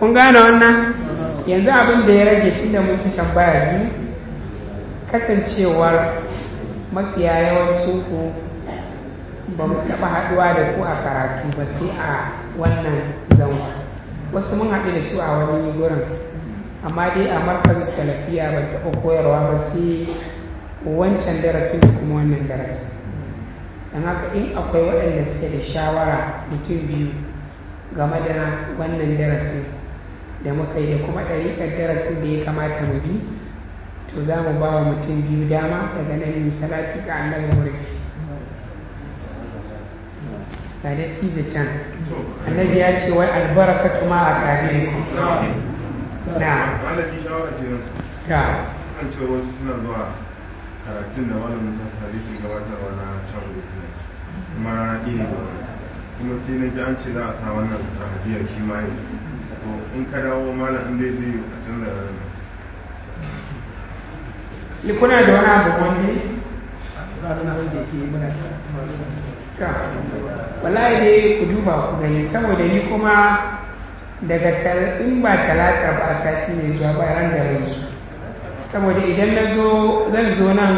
kun gane wannan yanzu abin da ya rage tunda muke tambaya ne kasancewar mafiya yawancin ku ba mu taɓa haɗuwa da ku a karatu ba sai a wannan zanwa wasu mun haɗu da su a wani gurin amma dai a markazin salafiya ban taɓa koyarwa ba sai wancan darasin da kuma wannan darasin don haka in akwai waɗanda suke da shawara mutum biyu game da wannan darasin da muka yi da kuma ɗariƙar darasin da ya kamata mu bi to za mu ba wa mutum biyu dama daga nan yin salati ga annabi murfi ga da tije can annabi ya ce wai albaraka tuma a kare ku na ta an ce wasu suna zuwa karatun da wani mutum sarari gabatarwa na can kuma rana ɗin kuma sai na ji an ce za a sa wannan rahabiyar shi ma yi to in ka dawo malam in dai zai a canza ranar ni kuna da wani abu wala wallahi ne ku duba ku gani saboda ni kuma daga in ba talata ba a sati ne zuwa ba ran da rai saboda idan na zo zan zo nan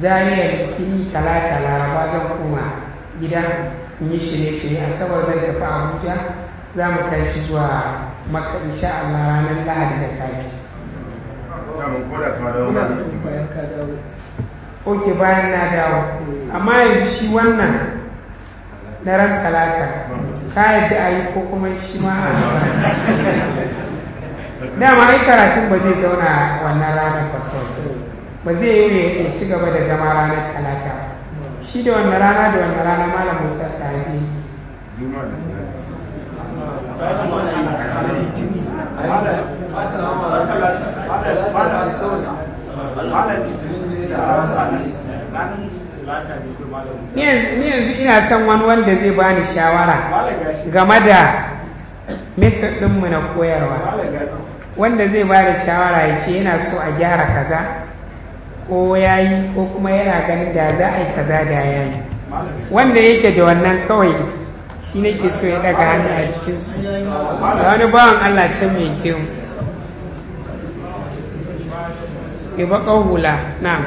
zariyar litini talata laraba zan koma gidan. in yi shirye-shirye a saboda zai tafi abuja za mu kai shi zuwa maka insha Allah ranar lahadi da sake ok bayan na dawo amma yanzu shi wannan na ran talata ka yadda a yi ko kuma shi ma a dama ai karatun ba zai zauna wannan ranar farko ba zai yi ne ci gaba da zama ranar talata ba shi da wannan rana da wannan rana malam musa sahibi ni yanzu ina son wani wanda zai bani shawara game da mesa ɗinmu na koyarwa wanda zai ba da shawara ya ce yana so a gyara kaza ko ya yi ko kuma yana ganin da za a yi kaza da ya yi wanda yake da wannan kawai shi nake so ya daga hannu a cikinsu da wani bawan allah can mai kyau ibaƙar hula na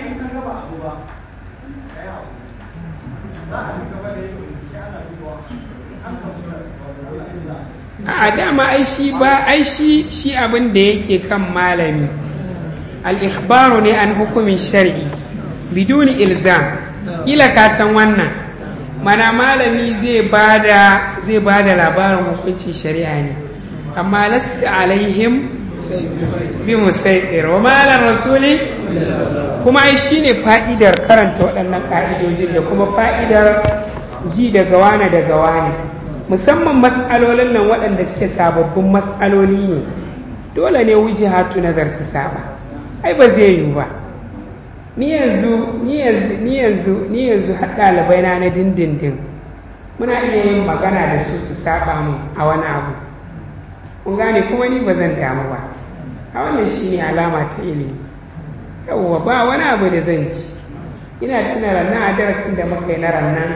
a dama ai shi ba ai shi shi abin da yake kan malami al-ikhbaru ne an hukumin shar'i biduni ilzam kila ka san wannan mana malami zai bada zai bada labarin hukuncin shari'a ne amma lasta alaihim bi sai wa malar rasuli kuma ai shi ne fa'idar karanta waɗannan ƙa'idojin da kuma fa'idar ji da gawane daga wane musamman mas'alolin nan waɗanda suke sababbin mas'aloli ne dole ne wuji hatu nazar su saba ai ba zai yiwu ba ni yanzu ni yanzu ni yanzu na na dindindin muna iya yin magana da su su saba mu a wani abu kun gane kuma ni ba zan damu ba a wannan shi ne alama ta ilimi yauwa ba wani abu da zan ci ina tuna ranar a darasin da muka yi na ranar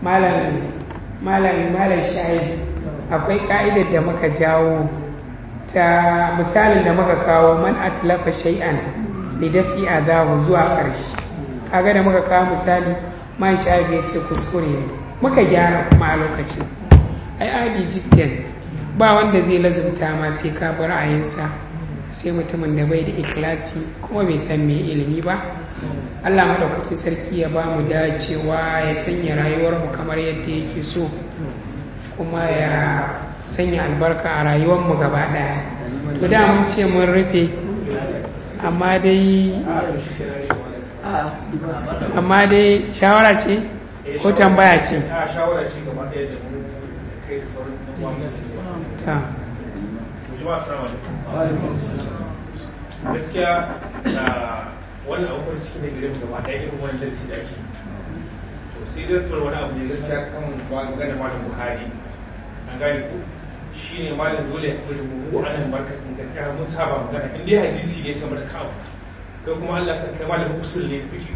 malam malam akwai ka'idar da muka jawo ta misalin da muka kawo man atlafa shay'an a azahu zuwa ƙarshe kaga da muka kawo misali man shafi ya ce kuskure muka gyara kuma a lokacin ai adi jiddan ba wanda zai lazumta ma sai ka bi ra'ayinsa sai mutumin da bai da ikilasi kuma bai san mai ilimi ba allah maɗaukakin sarki ya ba mu dacewa ya sanya rayuwarmu kamar yadda yake so kuma ya sanya albarka a rayuwarmu gaba ɗaya to da mun ce mun rufe amma dai amma dai shawara ce ko tambaya ce gaskiya ah, wannan abubuwan cikin da gidan gaba ɗaya irin wani darasi da ake to sai dai wani abu ne gaskiya kan magana malam buhari an gane ko shi ne malam dole ya kuma rubu anan barkatin gaskiya mun saba magana in dai hadisi ne ta barka abu kai kuma Allah san kai malam usul ne kake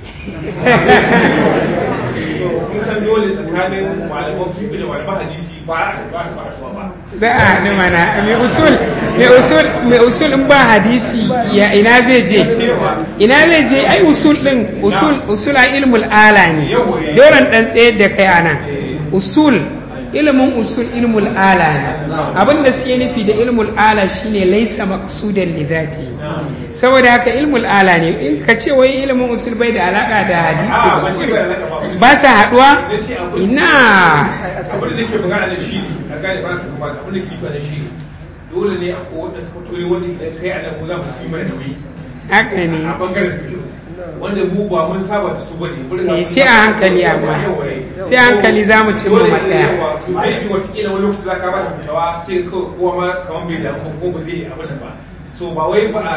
So, kun san dole tsakanin malaman fiqh da malaman hadisi ba ba ta ba za a haɗu mana mai usul mai usul in ba hadisi ya ina zai je ina zai je ai usul din usul usul a ilmul ala ne doran dan tsayar da kai ana usul ilimin usul ilmul ala ne abin da suke nufi da ilmul ala shine laisa maqsudan li zati saboda haka ilmul ala ne in ka ce wai ilimin usul bai da alaka da hadisi ba ah, ba sa haduwa ina abin da ke magana da shi a gane ba su kuma abin da ke ba da shi dole ne a kowace su fito wani da kai a nan ko za mu su yi mana nauyi haka ne a bangaren fito wanda mu ba mun saba da su bane mun sai a hankali amma sai a hankali za mu cimma matsaya maybe wata kila wani lokaci zaka ba da fitawa sai kowa ma kaman bai da ko ba zai abu nan ba so ba wai ba a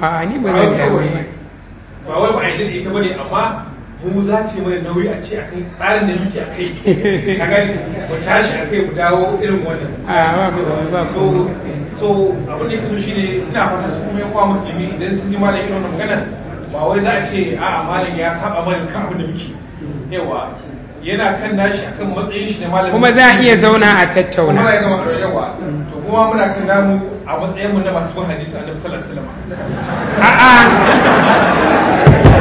a ni ba zan da wai ba wai ba a yadda ita bane amma mu za ta yi mana nauyi a ce a kai tsarin da muke a kai ka gani mu tashi a kai mu dawo irin wannan so so abin da yake so shine ina fata su kuma ya kwa musulmi idan sun yi malam irin wannan magana ba wai za a ce a amalin ya saba mana kan abin da muke yawa yana kan nashi akan matsayin shi na malamin. kuma za a iya zauna a tattauna kuma ya zama yawa to kuma muna kan namu a matsayin mu na masu bin hadisi annabi sallallahu alaihi a'a a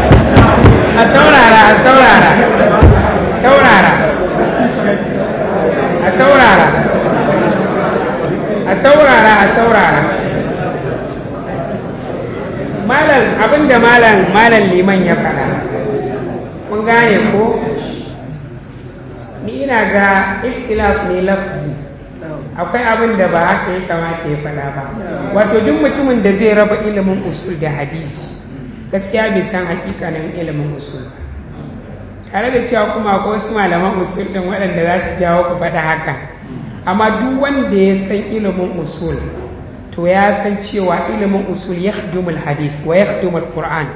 a a saurara a saurara saurara a saurara a saurara a saurara malam abinda malam liman ya faɗa kun gane ko ni ina ga istilaf ne lafzi akwai abin da ba haka ya kamata ya faɗa ba wato duk mutumin da zai raba ilimin usul da hadisi gaskiya bai san hakikanin ilimin usul tare da cewa kuma akwai wasu malaman usul ɗin waɗanda za su jawo ku faɗa haka amma duk wanda ya san ilimin usul to ya san cewa ilimin usul ya khidumul hadith wa ya qur'an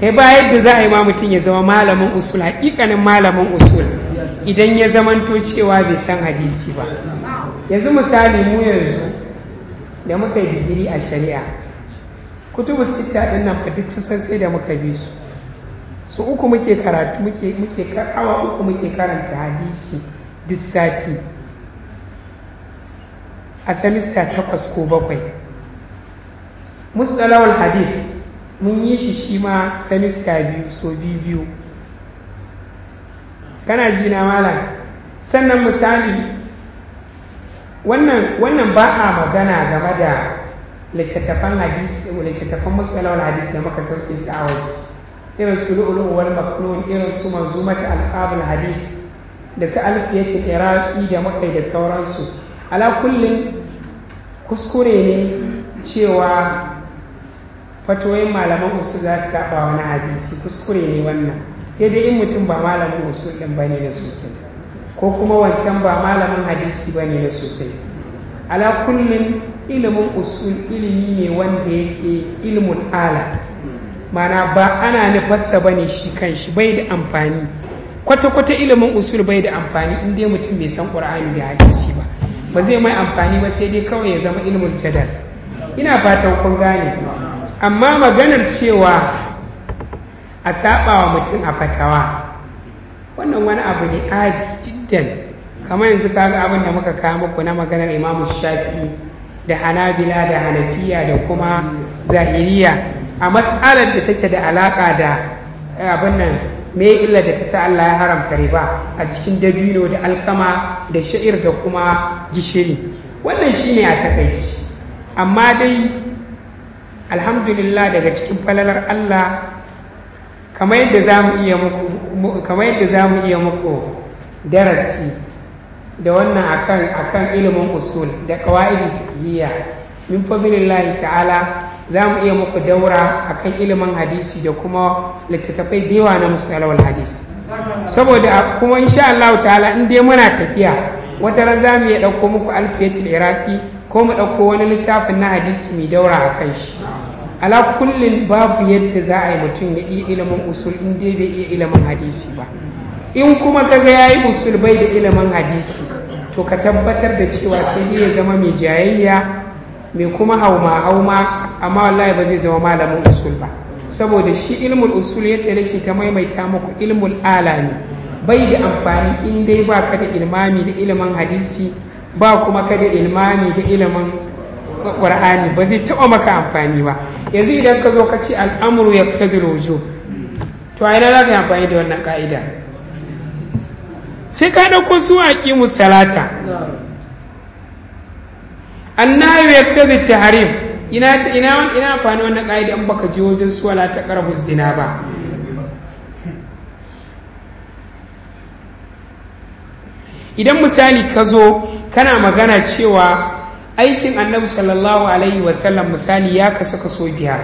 kai ba yadda za a yi ma mutum ya zama malamin usul hakikanin malamin usul idan ya zamanto cewa bai san hadisi ba yanzu misali mu yanzu da muka yi digiri a shari'a kutubu sita din nan duk sun sai da muka bi su su uku muke karatu muke awa uku muke karanta hadisi duk sati a semester takwas ko bakwai mustalawul hadith mun yi shi shi ma semester biyu so biyu biyu kana ji na malam sannan misali wannan ba a magana game da littattafan hadis littattafan musalawar hadis da muka sauke su a waje irin su lu'ulu wal irin su manzumata al'abul hadis da su alfiyatul iraqi da makai da sauransu ala kullum kuskure ne cewa fatoyin malaman usul za su saba wani hadisi kuskure ne wannan sai dai in mutum ba malamin usul din bane da sosai ko kuma wancan ba malamin hadisi bane da sosai ala kullum ilimin usul ilimi ne wanda yake ilimin ala mana ba ana nufarsa ba ne shi kanshi bai da amfani kwata-kwata ilimin usul bai da amfani in dai mutum bai san ƙur'ani da hadisi ba ba zai mai amfani ba sai dai kawai ya zama ilimin jadal ina fatan kun gane amma maganar cewa a saba wa mutum a fatawa wannan wani abu ne aji jiddan kamar yanzu kaga abin da muka kawo muku na maganar imamu Shafi da hanabila da hanafiya da kuma zahiriya a mas'alar da take da alaka da eh, abin nan me illa da ta sa Allah ya haramta riba a cikin dabino da alkama da sha'ir da kuma gishiri wannan shi ne a takaici amma dai alhamdulillah daga cikin falalar Allah kamar yadda za mu iya muku darasi da wannan akan kan ilimin usul da da fiye min fadlillahi ta'ala za mu iya muku daura a kan ilimin hadisi da kuma littattafai da yawa na musalawar hadisi saboda kuma insha Allah ta'ala in dai muna tafiya wata ran za mu iya ɗauko muku alfiyatul iraki ko mu ɗauko wani littafin na hadisi mai daura a kan shi ala kullum babu yadda za a yi mutum ya iya ilimin usul in dai bai iya ilimin hadisi ba in kuma kaga ya yi usul bai da ilimin hadisi to ka tabbatar da cewa sai ya zama mai jayayya mai kuma hauma hauma amma wallahi ba zai zama malamin usul ba saboda shi ilmul usul yadda nake ta maimaita muku ilmul alami bai da amfani in dai ba ka da ilmami da ilimin hadisi ba kuma ka da ilmami da ilimin qur'ani ba zai taɓa maka amfani ba yanzu idan ka zo ka ci al'amuru ya ta wujo to a ina za ka amfani da wannan ka'ida sai ka ɗauko su a ƙimus salata Annabi ya ta harim ina ina ina amfani wannan ƙa'ida in baka je wajen su wala ta karbu zina ba idan misali ka zo kana magana cewa aikin annabi sallallahu alaihi wasallam misali ya kasu kaso biyar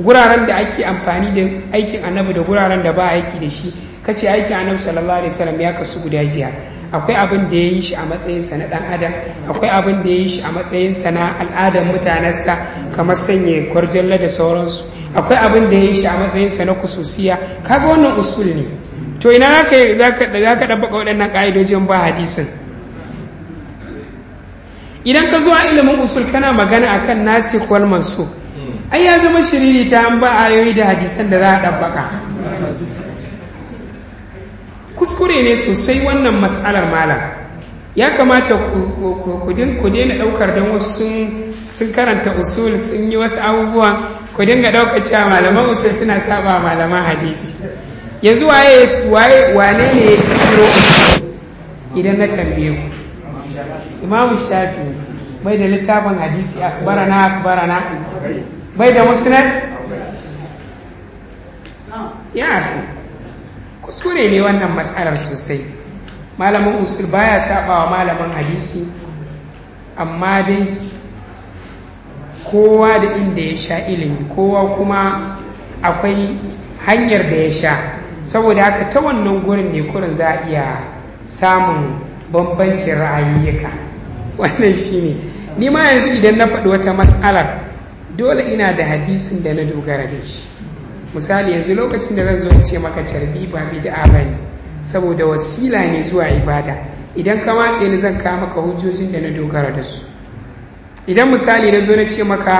guraren da ake amfani da aikin annabi da guraren da ba aiki da shi kace aikin annabi sallallahu alaihi wasallam ya kasu guda biyar akwai abin da ya yi shi a matsayinsa na ɗan adam akwai abin da ya yi shi a matsayinsa na al'adar mutanensa kamar sanya kwarjalla da sauransu akwai abin da ya yi shi a matsayinsa na kususiya kaga wannan usul ne to ina za ka ɗabbaka waɗannan ƙa'idojin ba hadisin idan ka zo a ilimin usul kana magana akan nasik wal mansuk ai ya zama shiriri ta an ba ayoyi da hadisan da za a ɗabbaka kuskure ne sosai wannan mas'alar malam ya kamata ku daina ɗaukar don wasu sun karanta usul sun yi wasu abubuwa ku dinga ɗaukar cewa malaman usul suna saba malaman hadisi yanzu waye waye wane ne ya kiro idan na tambaye ku imamu shafi bai da littafin hadisi akbara na bai da musnad ya asu kuskure ne wannan matsalar sosai malamin usul baya saba wa malamin hadisi amma dai kowa da inda ya sha ilimi kowa kuma akwai hanyar da ya sha saboda haka ta wannan gurin ne kurin za a iya samun bambancin ra'ayyuka wannan shine ni ma yanzu idan na faɗi wata matsalar dole ina da hadisin da na dogara da shi misali yanzu lokacin da zan zo na ce maka carbi ba bid'a ba ne saboda wasila ne zuwa ibada idan ka matse ni zan kawo maka hujjojin da na dogara da su idan misali na zo na ce maka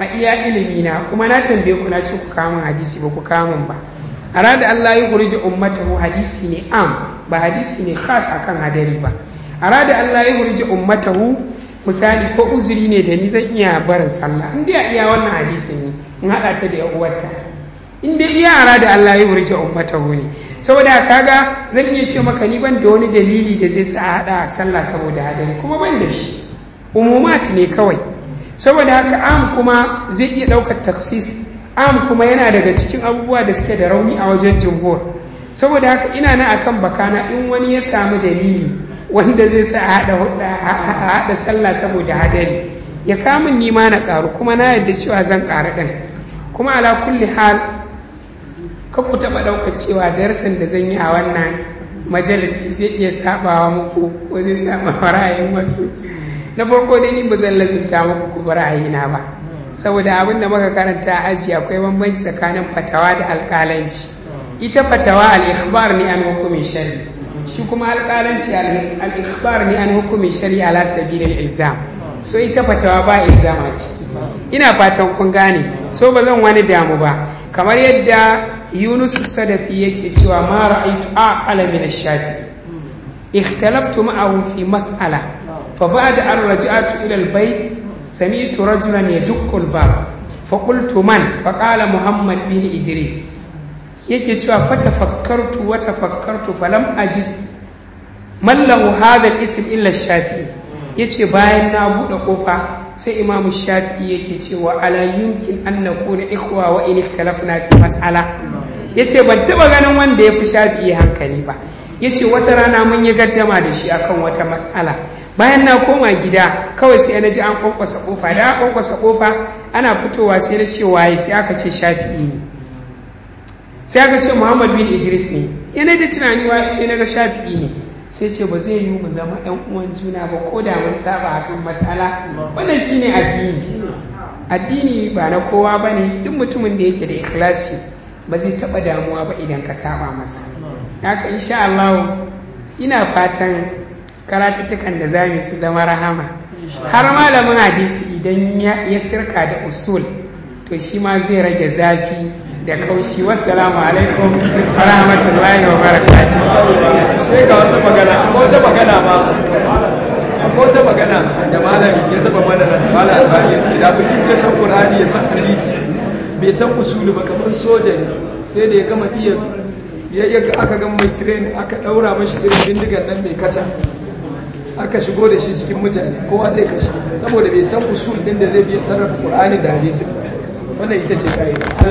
a iya ilimi na kuma na tambaye ku na ce ku kamin hadisi ba ku kamun ba a rada Allah ya kurji ummatahu hadisi ne am ba hadisi ne khas akan hadari ba a da Allah ya kurji ummatahu misali ko uzuri ne da ni zan iya barin sallah in iya wannan hadisin ne in haɗa ta da ya uwarta in dai iya ara da Allah ya wurce ummata ne saboda kaga zan iya ce maka ni ban da wani dalili da zai sa a hada sallah saboda hadari kuma ban da shi umumat ne kawai saboda haka am kuma zai iya daukar taksis am kuma yana daga cikin abubuwa da suke da rauni a wajen jumhur saboda haka ina na akan bakana in wani ya samu dalili wanda zai sa a haɗa sallah saboda hadari ya kamun nima na ƙaru kuma na yadda cewa zan ƙaru ɗin kuma ala kulli hal ka ku taɓa ɗaukar cewa darasin da zan yi a wannan majalisi zai iya sabawa muku ko zai sabawa ra'ayin wasu na farko da ni ba zan lazumta muku ku bar ra'ayina ba saboda abin da muka karanta a aji akwai bambanci tsakanin fatawa da alƙalanci ita fatawa al-ikhbar ni an hukumin shari'a shi kuma alƙalanci al-ikhbar ne an hukumin shari'a ala sabilil ilzam so ita fatawa ba ilzam a ciki ina fatan kun gane so ba zan wani damu ba kamar yadda yunus sadafi yake cewa ma ra'aitu aqala min ash-shafi ikhtalaftu ma'ahu fi mas'ala fa ba'da an raja'tu ila al-bayt sami'tu rajulan yadukku al-bab fa qultu man fa qala muhammad bin idris yake cewa fa tafakkartu wa tafakkartu falam ajid man lahu hadha al-ism illa ash-shafi yace bayan na buɗe ƙofa. sai imamu shafi'i yake cewa ala yumkin an kone ikuwa wa in ikhtalafna fi mas'ala yace ban taba ganin wanda ya fi shafi'i hankali ba yace wata rana mun yi gaddama da shi akan wata mas'ala bayan na koma gida kawai sai na ji an kwankwasa kofa da an kwankwasa kofa ana fitowa sai na ce waye sai aka ce shafi'i ne sai aka ce muhammad bin idris ne yana da tunani sai na ga shafi'i ne sai ce ba zai yi mu zama yan uwan juna ba ko da mun saba akan matsala wannan shine addini addini ba na kowa ba ne duk mutumin da yake da ikhlasi ba zai taɓa damuwa ba idan ka saba masa haka insha Allah ina fatan karatuttukan da za mu su zama rahama har malamin hadisi idan ya sirka da usul to shi ma zai rage zafi da kaushi wassalamu alaikum wa rahmatullahi wa barakatuh sai ga wata magana akwai wata magana ma akwai wata magana da malam ya taba mana da malam albani ya ce da ku cikin san qur'ani ya san hadisi bai san usulu ba kamar soja ne sai da ya gama iya ya yaga aka gama mai train aka daura mashi irin bindigan nan mai kaca aka shigo da shi cikin mutane kowa zai kashi saboda bai san usul din da zai biya sarrafa qur'ani da hadisi wannan ita ce kai